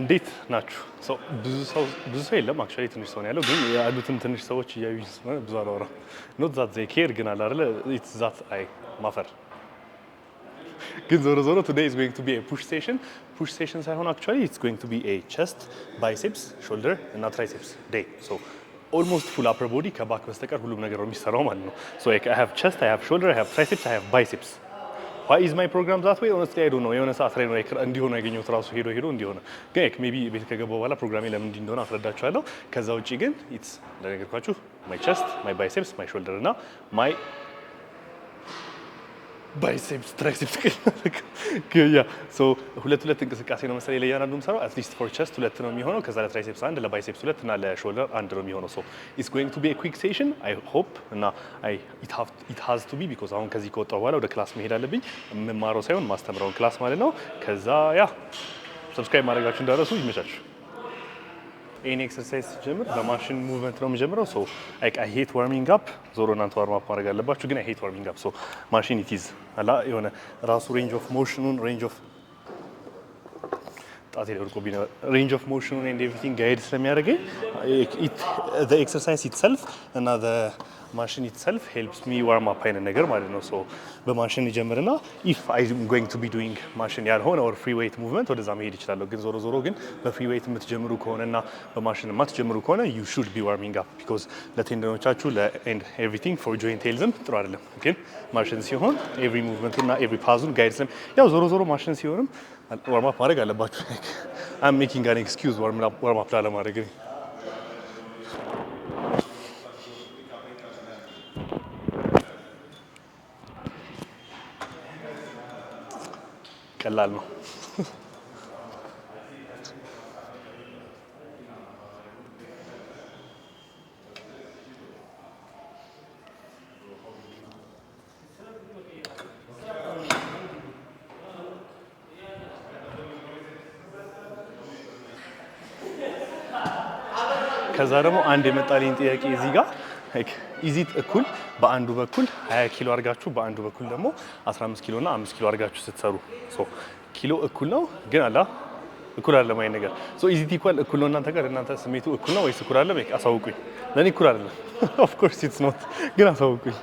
እንዴት ናችሁ? ብዙ ሰው የለም። አክቹዋሊ ትንሽ ሰው ነው ያለው፣ ግን ያሉትም ትንሽ ሰዎች እያዩኝ ስለሆነ ብዙ አላወራም። ኖት ዛት ዘይ ኬር ግን አለ አይደለ? ኢትስ ዛት አይ ማፈር ግን ዞሮ ዞሮ ቱዴይ ኢዝ ጎይንግ ቱ ቢ ኤ ፑሽ ሴሽን። ፑሽ ሴሽን ሳይሆን አክቹዋሊ ኢትስ ጎይንግ ቱ ቢ ኤ ቸስት፣ ባይሴፕስ፣ ሾልደር እና ትራይሴፕስ ዴይ ሶ ኦልሞስት ፉል አፐር ቦዲ ከባክ በስተቀር ሁሉም ነገር የሚሰራው ማለት ነው። ሶ አይ ሃቭ ቸስት፣ አይ ሃቭ ሾልደር፣ አይ ሃቭ ትራይሴፕስ፣ አይ ሃቭ ባይሴፕስ ዋይ ኢዝ ማይ ፕሮግራም ዛት ወይ ኦነስትሊ አይ ዶንት ኖ የሆነ ሰዓት ላይ ነው እንዲሆነ ያገኘሁት ራሱ ሄዶ ሄዶ እንዲሆነ ግን ሜይ ቢ ቤት ከገባሁ በኋላ ፕሮግራሜ ለምን እንዲህ እንደሆነ አስረዳችኋለሁ። ከዛ ውጭ ግን ኢትስ እንደነገርኳችሁ ማይ ቸስት፣ ማይ ባይሴፕስ፣ ማይ ሾልደር እና ማይ ባይሴፕስ ትራይሴፕስ ያ ሶ ሁለት ሁለት እንቅስቃሴ ነው መሰለኝ ለእያንዳንዱ የምሰራው አትሊስት ፎር ቸስት ሁለት ነው የሚሆነው። ከዛ ለትራይሴፕስ አንድ፣ ለባይሴፕስ ሁለት እና ለሾልደር አንድ ነው የሚሆነው። ሶ ኢትስ ጎይንግ ቱ ቢ ኤ ኩዊክ ሴሽን አይ ሆፕ እና ኢት ሃዝ ቱ ቢ ቢኮዝ አሁን ከዚህ ከወጣሁ በኋላ ወደ ክላስ መሄድ አለብኝ። የምማረው ሳይሆን ማስተምረውን ክላስ ማለት ነው። ከዛ ያ ሰብስክራይብ ማድረጋችሁ እንዳረሱ ይመቻችሁ። ይህን ኤክሰርሳይዝ ስጀምር በማሽን ሙቭመንት ነው የምጀምረው። ሶ አይ ሄት ዋርሚንግ አፕ ዞሮ እናንተ ዋርም አፕ ማድረግ አለባችሁ፣ ግን አይ ሄት ዋርሚንግ አፕ ሶ ማሽን ኢት ኢዝ አላ የሆነ ራሱ ሬንጅ ኦፍ ሞሽኑን ሬንጅ ኦፍ ጣቴ ወድቆብኝ ነበር። ሬንጅ ኦፍ ሞሽኑን ኤንድ ኤቭሪቲንግ ጋይድ ስለሚያደርገኝ ኤክሰርሳይዝ ኢትሰልፍ እና ማሽን ኢትሰልፍ ሄልፕስ ሚ ዋርም አፕ አይነት ነገር ማለት ነው። ሶ በማሽን ይጀምርና ኢፍ አይ ጎይንግ ቱ ቢ ዱዊንግ ማሽን ያልሆነ ኦር ፍሪ ዌይት ሙቭመንት ወደዛ መሄድ ይችላለሁ። ግን ዞሮ ዞሮ ግን በፍሪ ዌይት የምትጀምሩ ከሆነና በማሽን የማትጀምሩ ከሆነ ዩ ሹድ ቢ ዋርሚንግ አፕ ቢኮዝ ለቴንደኖቻችሁ ለኤንድ ኤቭሪቲንግ ፎር ጆይንት ሄልዝም ጥሩ አይደለም። ግን ማሽን ሲሆን ኤቭሪ ሙቭመንቱና ኤቭሪ ፓዙን ጋይድ ስም ያው ዞሮ ዞሮ ማሽን ሲሆንም ዋርማፕ ማድረግ አለባችሁ። አም ሜኪንግ አን ኤክስኪውዝ ዋርማፕ ላለማድረግ ቀላል ነው። ከዛ ደግሞ አንድ የመጣልኝ ጥያቄ እዚህ ጋር ኢዚት እኩል በአንዱ በኩል 20 ኪሎ አድርጋችሁ በአንዱ በኩል ደግሞ 15 ኪሎ እና 5 ኪሎ አድርጋችሁ ስትሰሩ ኪሎ እኩል ነው ግን አላ እኩል አለ ማይ ነገር ሶ ኢዚት ኢኳል እኩል ነው እናንተ ጋር እናንተ ስሜቱ እኩል ነው ወይስ እኩል አይደለም? አሳውቁኝ። ለኔ እኩል አይደለም። ኦፍ ኮርስ ኢትስ ኖት ግን አሳውቁኝ።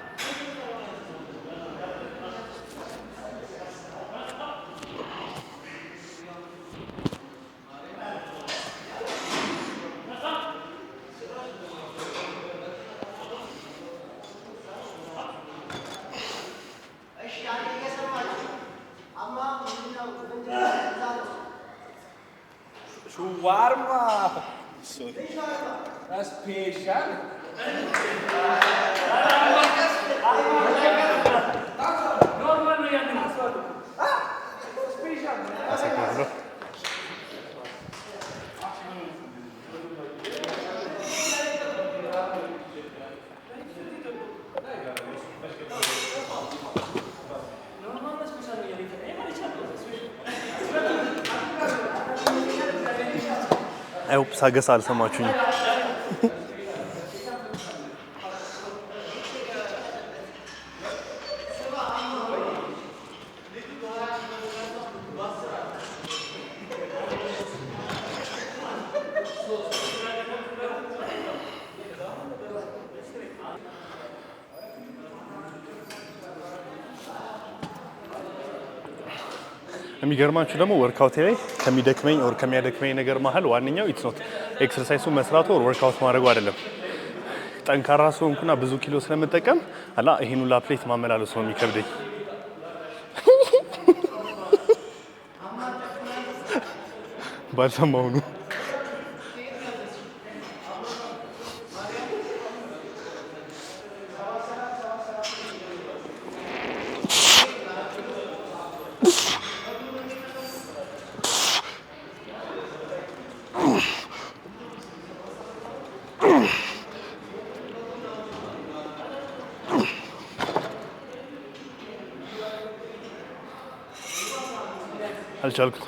አይሆፕ ሳገሳ አልሰማችሁኝም። የሚገርማችሁ ደግሞ ወርካውት ላይ ከሚደክመኝ ኦር ከሚያደክመኝ ነገር መሀል ዋነኛው ኢትስ ኖት ኤክሰርሳይሱ መስራቱ ኦር ወርካውት ማድረጉ አይደለም። ጠንካራ ስለሆንኩና ብዙ ኪሎ ስለምጠቀም አላ ይሄን ሁላ ፕሌት ማመላለሱ ነው የሚከብደኝ። ባልሰማሁ ነው Çalkın.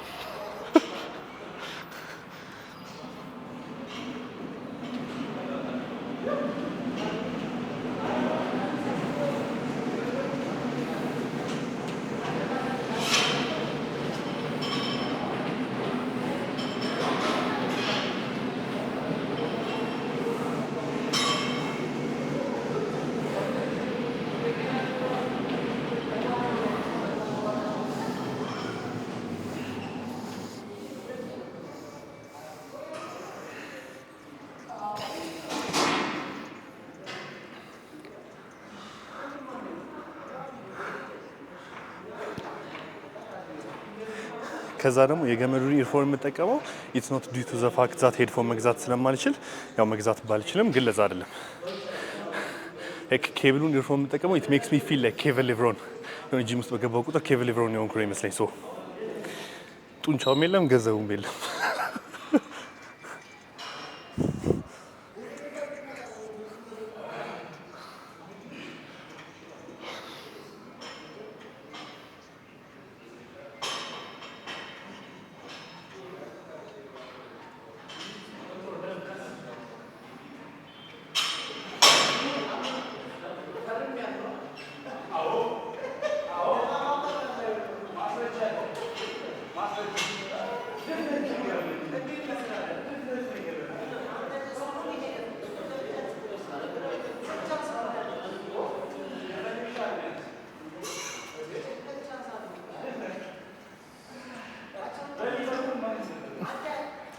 ከዛ ደግሞ የገመዱ ኢርፎን የምጠቀመው ኢትስ ኖት ዲዩ ቱ ዘ ዛት ሄድፎን መግዛት ስለማልችል ያው መግዛት ባልችልም ግን ለዛ አይደለም ኬብሉን ኢርፎን የምጠቀመው ኢት ሜክስ ሚ ፊል ላይክ ኬቨን ሊቭሮን የሆነ ጂም ውስጥ በገባው ቁጥር ኬቨን ሊቭሮን የሆንኩ ነው ይመስለኝ። ሶ ጡንቻውም የለም ገንዘቡም የለም።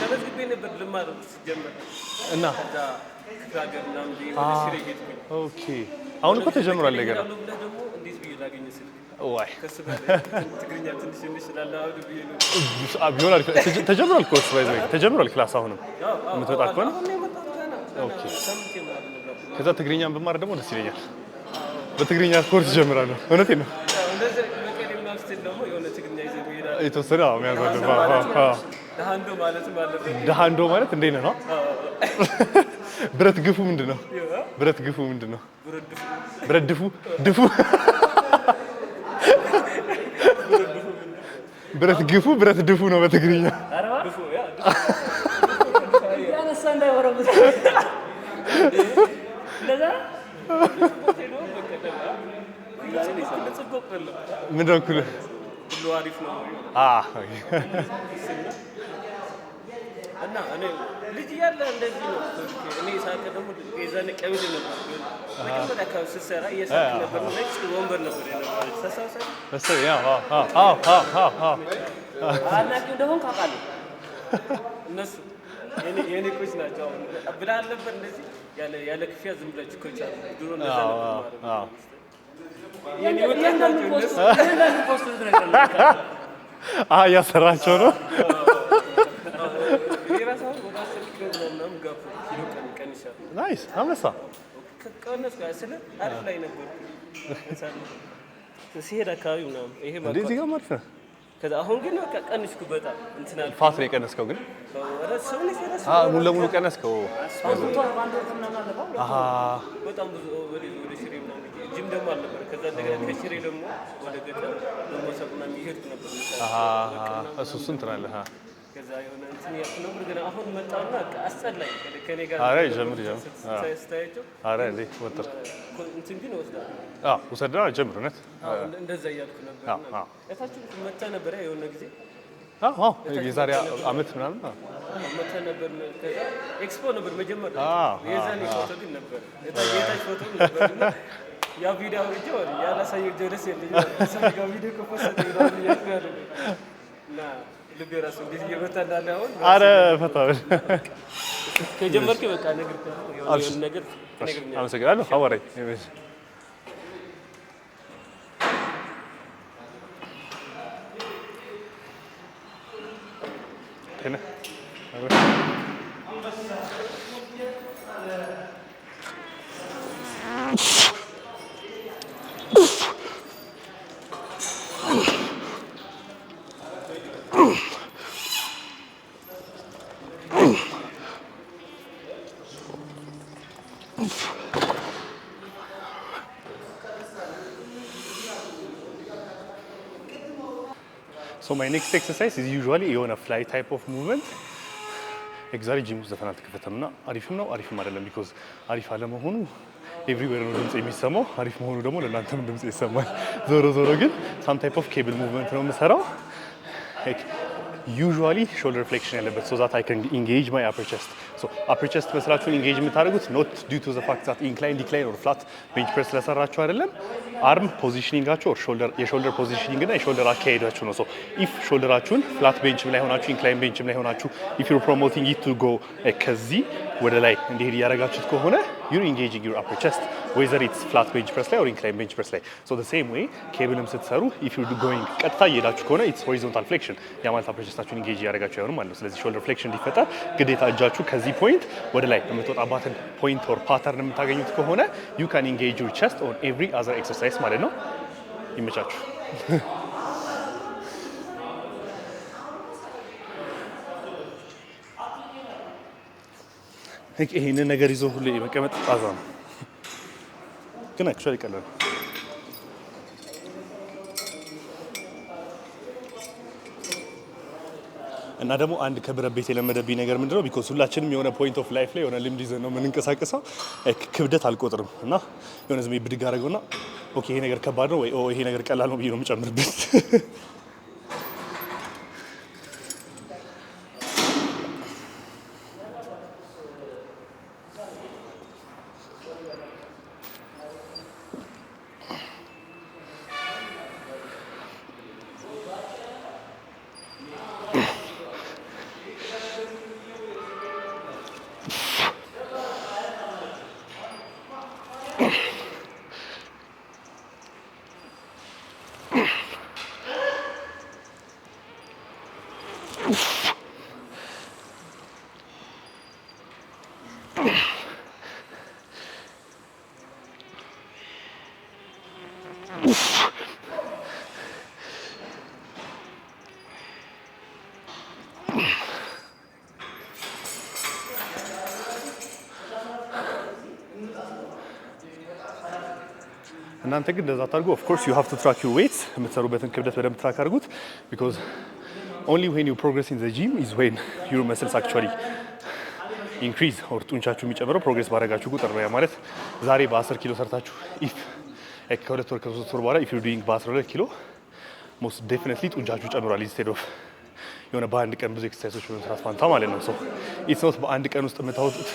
ተመዝግቤ ነበር አሁን እኮ ተጀምሯል ነገር ተጀምሯል ኮርስ ባይዘ ተጀምሯል ክላስ አሁንም ከሆነ ከዛ ብማር ደግሞ ደስ ይለኛል። በትግርኛ ኮርስ ጀምራለሁ። ነው። ደሃንዶ ማለት እንዴ ነው? ብረት ግፉ ምንድን ነው? ብረት ግፉ ምንድን ነው? ብረት ድፉ ድፉ ብረት ግፉ ብረት ድፉ ነው በትግርኛ። ምንድን ነው? እና እኔ ልጅ እያለ እንደዚህ ነው። እኔ ሳቅ ደግሞ የዛን ቀብድ ነበር መጀመሪያ እየሳቅ ነበር። ነጭ ወንበር ነበር አናቂ እንደሆን ካውቃለሁ። እነሱ የኔ ኮች ናቸው። ብላ አልነበር እንደዚህ ያለ ክፍያ ዝም ብላችሁ ኮች አሉ። ድሮ ነዛ ነበር ያሰራቸው ነው ናይስ አንበሳ ቀነስ ጋር ስለ አሪፍ ላይ ነበር ሲሄድ አካባቢ ምናምን ይሄ ማለት እዚህ ጋር ማለት ነው። ከዛ አሁን ግን በቃ ቀንስኩ በጣም እንትና ፋት ነው የቀነስከው ግን ሙሉ ለሙሉ ቀነስከው። አሃ በጣም ብዙ ጅም ደግሞ አልነበረ። ከዛ እንደገና ከሽሬ ደግሞ ወደ ገጠር ደግሞ የሚሄድ ነበር። እሱ እንትን አለ ከዛ የሆነ እንትን ያልኩት ነበር፣ ግን አሁን መጣሁና አስጠላኝ። ከእኔ ጋር ኧረ ጀምር ጀምር ስታያቸው ወጥር እንትን ግን እወስዳለሁ ውሰድና ጀምር እውነት እንደዛ እያልኩ ነበር። እታችሁ መታ ነበረ የሆነ ጊዜ የዛሬ አመት ምናምን መታ ነበር። ከዛ ኤክስፖ ነበር መጀመሪያ የዛኔ ፎቶ ግን ነበር የታች ፎቶ ነበር ያ ቪዲዮ አውርጄ ያላሳየው ደረስ የለኝም ሰው ጋር ቪዲዮ ከፖስት ያለ እና አረ ፈታ ከጀመርክ በቃ ነገር ነገር አመሰግናለሁ። አወራኝ ጤና So my next exercise is usually የሆነ fly type of movement ኤግዛሪ ጂም ዘፈን አልተከፈተም እና አሪፍም ነው አሪፍም አይደለም። ቢኮዝ አሪፍ አለመሆኑ ኤቭሪዌር ነው ድምፅ የሚሰማው፣ አሪፍ መሆኑ ደግሞ ለእናንተም ድምጽ ይሰማል። ዞሮ ዞሮ ግን ሳም ታይፕ ኦፍ ኬብል ሙቭመንት ነው የምሰራው ዩዥዋሊ ሾልደር ሪፍሌክሽን ያለበት ሶ ዛት አይ ካን ኢንጌጅ ማይ አፐር ቸስት ሶ አፐር ቸስት መስላችሁን ኢንጌጅ የምታደርጉት ኖት ዲው ቱ ዘ ፋክት ዛት ኢንክላይን ዲክላይን ኦር ፍላት ቤንች ፕሬስ ስለሰራችሁ አይደለም። አርም ፖዚሽኒንጋችሁ ኦር ሾልደር የሾልደር ፖዚሽኒንግ እና የሾልደር አካሄዳችሁ ነው። ሶ ኢፍ ሾልደራችሁን ፍላት ቤንችም ላይ ሆናችሁ ኢንክላይን ቤንችም ላይ ሆናችሁ ኢፍ ዩር ፕሮሞቲንግ ኢት ቱ ጎ ከዚህ ወደ ላይ እንዲሄድ እያደረጋችሁት ከሆነ ዩር ኢንጌጂንግ ዩር አፐር ቸስት ዌዘር ኢትስ ፍላት ቤንች ፕረስ ላይ ኦር ኢንክላይን ቤንች ፕረስ ላይ ሶ ዘ ሴም ዌይ ኬብልም ስትሰሩ ኢፍ ዩ ጎይንግ ቀጥታ እየሄዳችሁ ከሆነ ኢትስ ሆሪዞንታል ፍሌክሽን ያ ማለት አፕሬሽስታችሁን ኢንጌጅ እያደረጋችሁ አይሆንም ማለት ነው። ስለዚህ ሾልደር ፍሌክሽን እንዲፈጠር ግዴታ እጃችሁ ከዚህ ፖይንት ወደ ላይ የምትወጣባትን ፖይንት ኦር ፓተርን የምታገኙት ከሆነ ዩ ካን ኢንጌጅ ዩር ቸስት ኦን ኤቭሪ አዘር ኤክሰርሳይዝ ማለት ነው። ይመቻችሁ። ይህንን ነገር ይዞ ሁሌ መቀመጥ ጣዛ ነው። ግን አክቹዋሊ ቀላል እና ደግሞ አንድ ከብረት ቤት የለመደብኝ ነገር ምንድነው ቢኮዝ ሁላችንም የሆነ ፖይንት ኦፍ ላይፍ ላይ የሆነ ልምድ ይዘን ነው የምንንቀሳቀሰው። eh, ክብደት አልቆጥርም እና የሆነ ዝሜ ብድግ አደረገውና ኦኬ ይሄ ነገር ከባድ ነው ወይ ይሄ ነገር ቀላል ነው ብዬ ነው የምጨምርበት። እናንተ ግን እንደዛ ታርጉ። ኦፍ ኮርስ ዩ ሃቭ ቱ ትራክ ዩር ዌይትስ የምትሰሩበትን ክብደት በደንብ ትራክ አድርጉት። ቢኮዝ ኦንሊ ዌን ዩ ፕሮግረስ ኢን ዘ ጂም ኢዝ ዌን ዩር መስልስ አክቹዋሊ ኢንክሪዝ ኦር ጡንቻችሁ የሚጨምረው ፕሮግረስ ባደረጋችሁ ቁጥር ነው። ያ ማለት ዛሬ በ10 ኪሎ ሰርታችሁ ኢፍ ከሁለት ወር ከሶስት ወር በኋላ ኢፍ ዩ ዱዊንግ በ12 ኪሎ ሞስት ዴፊኒትሊ ጡንቻችሁ ጨምሯል ኢንስቴድ ኦፍ የሆነ በአንድ ቀን ብዙ ኤክሰርሳይሶች በመስራት ፋንታ ማለት ነው። ሶ ኢትስ ኖት በአንድ ቀን ውስጥ የምታወጡት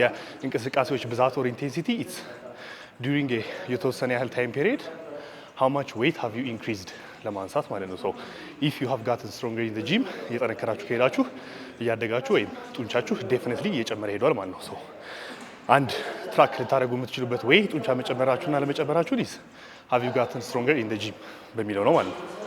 የእንቅስቃሴዎች ብዛት ኦር ኢንቴንሲቲ ኢትስ ዱሪንግ የተወሰነ ያህል ታይም ፔሪድ ሃው ማች ዌይት ሃቭ ዩ ኢንክሪዝድ ለማንሳት ማለት ነው። ሶ ኢፍ ዩ ሃቭ ጋትን ስትሮንገር ኢን ዘ ጂም እየጠነከራችሁ ከሄዳችሁ እያደጋችሁ ወይም ጡንቻችሁ ዴፊኒትሊ እየጨመረ ሄዷል ማለት ነው። ሶ አንድ ትራክ ልታደርጉ የምትችሉበት ወይ ጡንቻ መጨመራችሁና ለመጨመራችሁ ዲስ ሃቭ ዩ ጋትን ስትሮንገር ኢን ዘ ጂም በሚለው ነው ማለት ነው።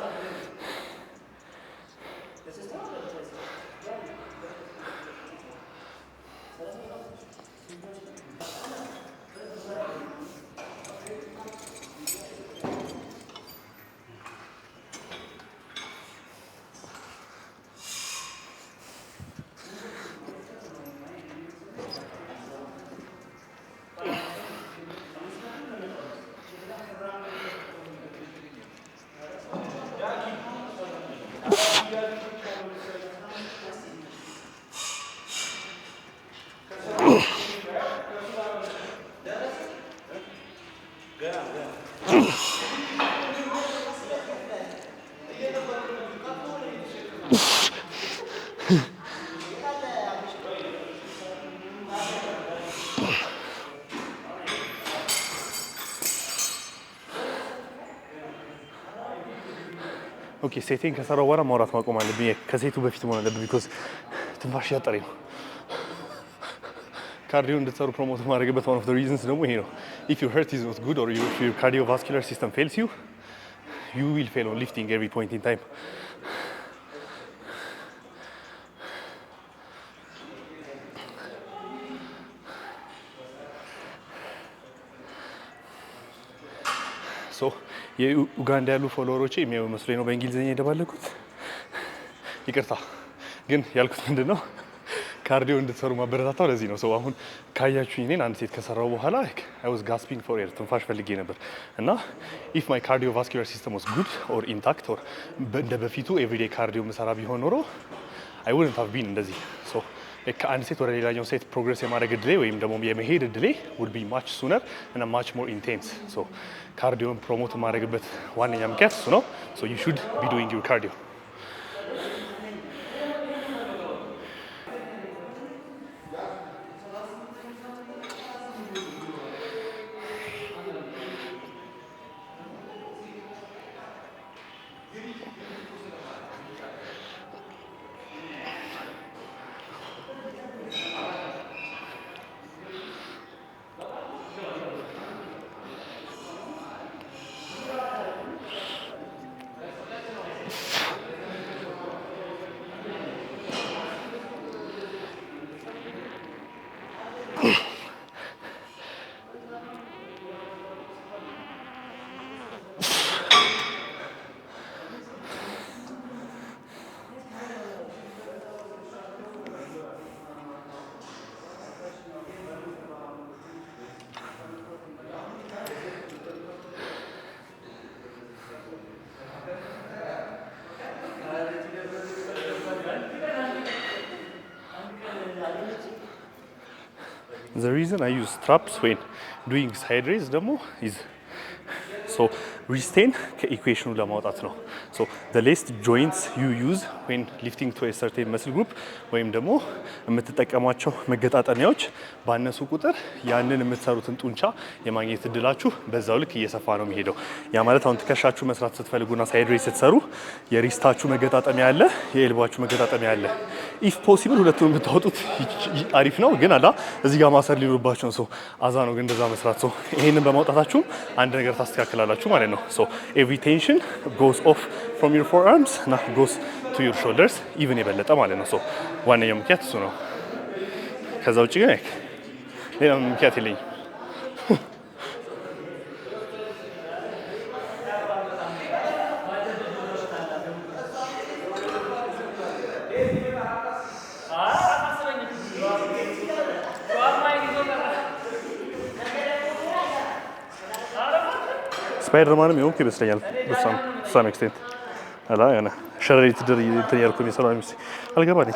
ኦኬ ሴቴን ከሰራው በኋላ ማውራት ማቆም አለብኝ። ከሴቱ በፊት መሆን አለብኝ። ቢኮዝ ትንፋሽ ያጠሪ ነው። ካርዲዮ እንድትሰሩ ፕሮሞት ማድረግበት ዋን ኦፍ ዘ ሪዝንስ ደግሞ ይሄ ነው። ኢፍ ዩ ሄርት ኢዝ ኖት ጉድ ኦር ዩር ካርዲዮቫስኩላር ሲስተም ፌልስ ዩ ዩ ዊል ፌል ኦን ሊፍቲንግ ኤቭሪ ፖይንት ኢን ታይም የኡጋንዳ ያሉ ፎሎወሮች የሚያዩ መስሎኝ ነው በእንግሊዝኛ የደባለኩት። ይቅርታ ግን ያልኩት ምንድን ነው ካርዲዮ እንድትሰሩ ማበረታታው ለዚህ ነው። ሰው አሁን ካያችሁ እኔን አንድ ሴት ከሰራው በኋላ አይ ዋዝ ጋስፒንግ ፎር ኤር ትንፋሽ ፈልጌ ነበር እና ኢፍ ማይ ካርዲዮ ቫስኪላር ሲስተም ዋዝ ጉድ ኦር ኢንታክት ኦር እንደ በፊቱ ኤቭሪዴ ካርዲዮ መሰራ ቢሆን ኖሮ አይ ውድንት ሃቭ ቢን እንደዚህ ከአንድ ሴት ወደ ሌላኛው ሴት ፕሮግረስ የማድረግ እድሌ ወይም ደግሞ የመሄድ እድሌ ውድ ቢ ማች ሱነር እና ማች ሞር ኢንቴንስ። ሶ ካርዲዮን ፕሮሞት የማድረግበት ዋነኛ ምክንያት እሱ ነው። ሶ ዩ ሹድ ቢ ዱዊንግ ዩር ካርዲዮ the reason I use straps when doing side raise ደግሞ is so ሪስቴን ከኢኩዌሽኑ ለማውጣት ነው። so the less joints you use when lifting to a certain muscle group ወይም ደግሞ የምትጠቀሟቸው መገጣጠሚያዎች ባነሱ ቁጥር ያንን የምትሰሩትን ጡንቻ የማግኘት እድላችሁ በዛው ልክ እየሰፋ ነው የሚሄደው። ያ ማለት አሁን ትከሻችሁ መስራት ስትፈልጉና ሳይድ ሬይዝ ስትሰሩ የሪስታችሁ መገጣጠሚያ አለ፣ የኤልቦችሁ መገጣጠሚያ አለ። ኢፍ ፖሲብል ሁለቱን ብታወጡት አሪፍ ነው፣ ግን አላ እዚህ ጋር ማሰር ሊኖርባቸውን ሰው አዛ ነው። ግን እንደዛ መስራት ሰው ይሄንን በማውጣታችሁ አንድ ነገር ታስተካክላላችሁ ማለት ነው። ሶ ኤቭሪ ቴንሽን ጎስ ኦፍ ፍሮም ዩር ፎር አርምስ ና ጎስ ቱ ዩር ሾልደርስ ኢቭን የበለጠ ማለት ነው። ሶ ዋነኛው ምክንያት እሱ ነው። ከዛ ውጭ ግን ሌላ ምክንያት የለኝም። ስፓይደርማንም የሆንኩ ይመስለኛል። ሳም ኤክስቴንት ሸረሪት ድር እያልኩ የሚሰራ አልገባልኝ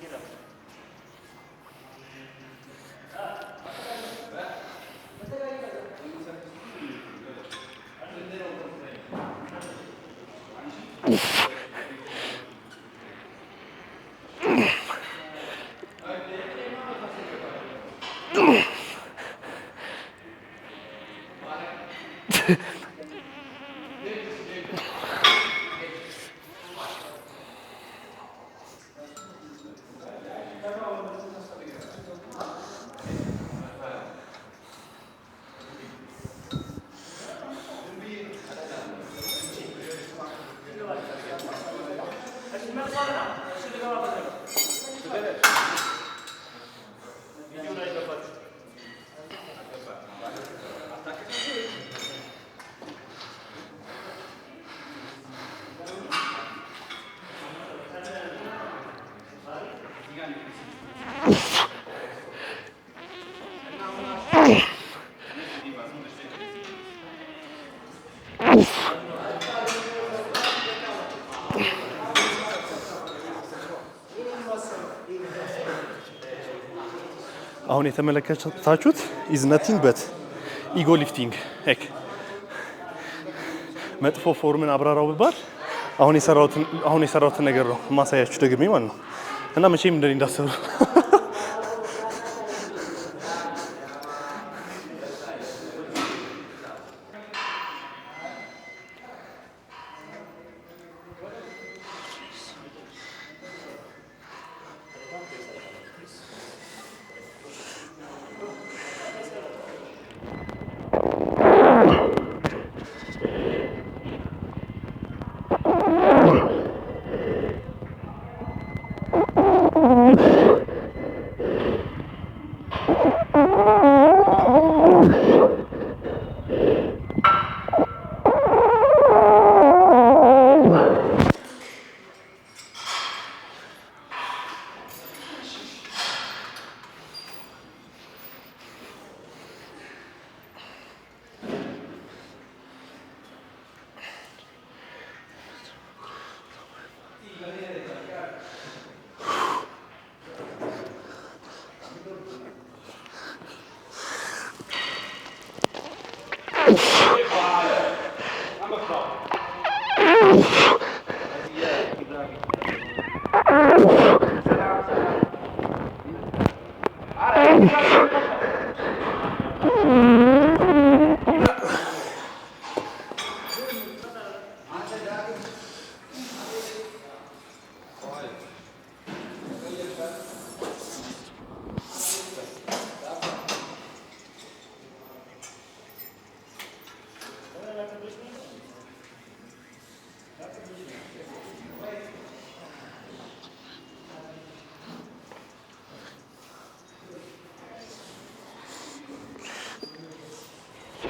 Gracias. አሁን የተመለከታችሁት ኢዝ ነቲንግ በት ኢጎ ሊፍቲንግ ሄክ መጥፎ ፎርምን አብራራው ብባል አሁን የሰራሁትን ነገር ነው ማሳያችሁ ደግሜ ማለት ነው እና መቼም እንደኔ እንዳሰሩ Oof.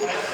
Gracias.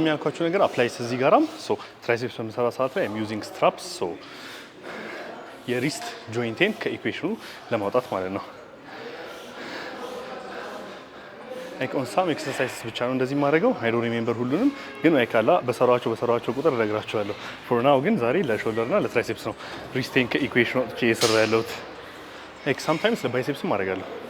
ቅድም ያልኳችሁ ነገር አፕላይስ እዚህ ጋራም ሶ ትራይሴፕስ በምሰራ ሰዓት ላይ ዩዚንግ ስትራፕስ ሶ የሪስት ጆይንቴን ከኢኩዌሽኑ ለማውጣት ማለት ነው። ላይክ ኦን ሳም ኤክሰርሳይዝስ ብቻ ነው እንደዚህ የማደርገው። አይ ዶንት ሪሜምበር ሁሉንም፣ ግን ላይክ አላ በሰራቸው በሰራቸው ቁጥር እነግራችኋለሁ። ፎር ናው ግን ዛሬ ለሾልደር እና ለትራይሴፕስ ነው ሪስቴን ከኢኩዌሽን ወጥቼ እየሰራ ያለሁት። ላይክ ሳምታይምስ ለባይሴፕስም አደርጋለሁ።